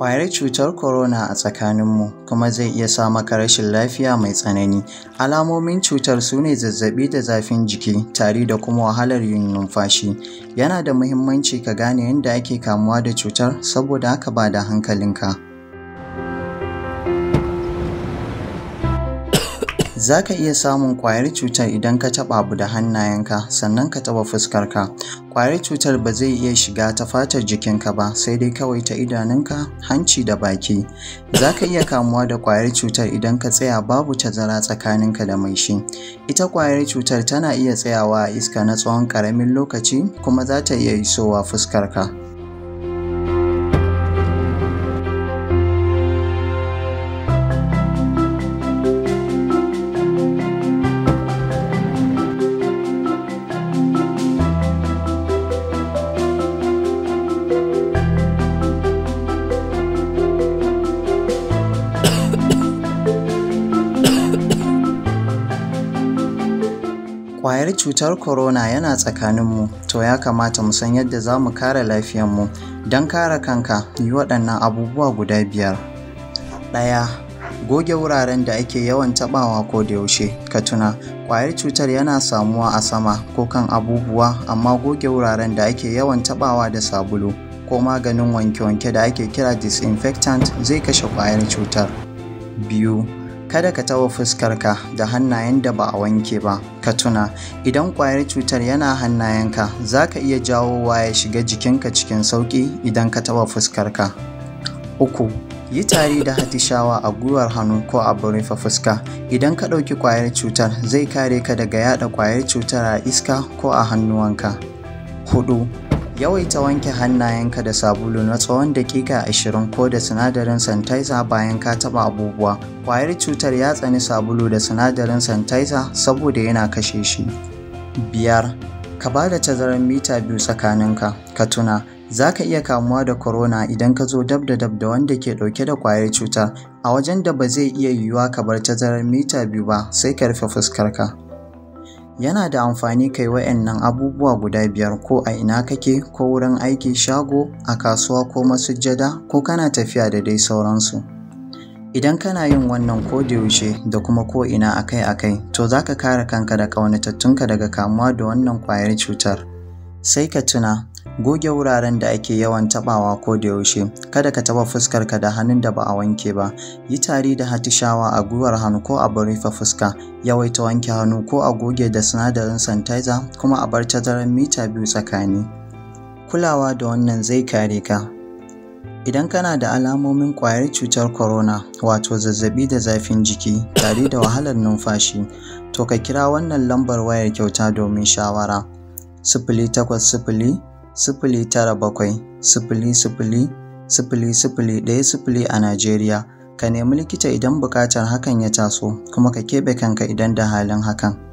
Kwayar cutar corona a tsakaninmu kuma zai iya sa maka rashin lafiya mai tsanani. Alamomin cutar su ne zazzaɓi da zafin jiki, tari da kuma wahalar yin numfashi. Yana da muhimmanci ka gane yadda ake kamuwa da cutar saboda haka ba da hankalinka. za ka iya samun kwayar cutar idan ka taɓa abu da hannayenka sannan ka taɓa fuskarka kwayar cutar ba zai iya shiga ta fatar jikinka ba sai dai kawai ta idanunka hanci da baki za ka iya kamuwa da kwayar cutar idan ka tsaya babu tazara tsakaninka da mai shi ita kwayar cutar tana iya tsayawa a iska na tsawon ƙaramin lokaci kuma za ta iya isowa fuskarka Kwayar cutar corona yana tsakaninmu, to ya kamata mu san yadda za mu kare mu Don kare kanka, yi waɗannan abubuwa guda biyar. Ɗaya, goge wuraren da ake yawan taɓawa ko da yaushe. Ka tuna, kwayar cutar yana samuwa a sama ko kan abubuwa, amma goge wuraren da ake yawan taɓawa da sabulu ko maganin wanke-wanke da ake kira disinfectant zai kashe ƙwayar cutar. Biyu, kada ka taɓa fuskar ka da hannayen da ba a wanke ba ka tuna idan ƙwayar cutar yana hannayenka za ka iya jawowa ya shiga jikinka cikin sauƙi idan ka taɓa fuskar ka. uku yi tari da hatishawa a gwiwar hannu ko a rufe fuska idan ka ɗauki ƙwayar cutar zai kare ka daga yaɗa ƙwayar cutar a iska ko a hannuwanka hudu yawaita wanke hannayenka da sabulu na tsawon dakika 20 ko da sinadarin sanitizer bayan ka taba abubuwa kwayar cutar ya tsani sabulu da sinadarin sanitizer saboda yana kashe shi biyar ka ba da tazarar mita biyu tsakaninka ka tuna za ka iya kamuwa da corona idan ka zo dab da dab da wanda ke dauke da kwayar cutar a wajen da ba zai iya yiwuwa ka bar tazarar mita biyu ba sai ka rufe fuskarka Yana da amfani kai wa'annan abubuwa guda biyar ko a ina kake ko wurin aiki shago a kasuwa ko masujjada ko kana tafiya da dai sauransu. Idan kana yin wannan ko da yaushe da kuma ko ina akai-akai to za ka kare kanka da ƙaunatattunka daga kamuwa da wannan ƙwayar cutar. Sai ka tuna goge wuraren da ake yawan tabawa ko da yaushe kada ka taba ka da hannun da ba a wanke ba yi tari da hatishawa a gwiwar hannu ko a rufe fuska yawaita wanke hannu ko a goge da sinadarin sanitizer kuma a bar tazarar mita biyu tsakani kulawa da wannan zai kare ka Idan kana da alamomin kwayar cutar corona wato zazzabi da zafin jiki tare da wahalar numfashi, to ka kira wannan lambar wayar kyauta domin shawara. Sifili takwas sifili sifili tara bakwai sifili sifili sifili sifili ɗaya sifili a Najeriya. Ka nemi likita idan buƙatar hakan ya taso kuma ka keɓe kanka idan da halin hakan.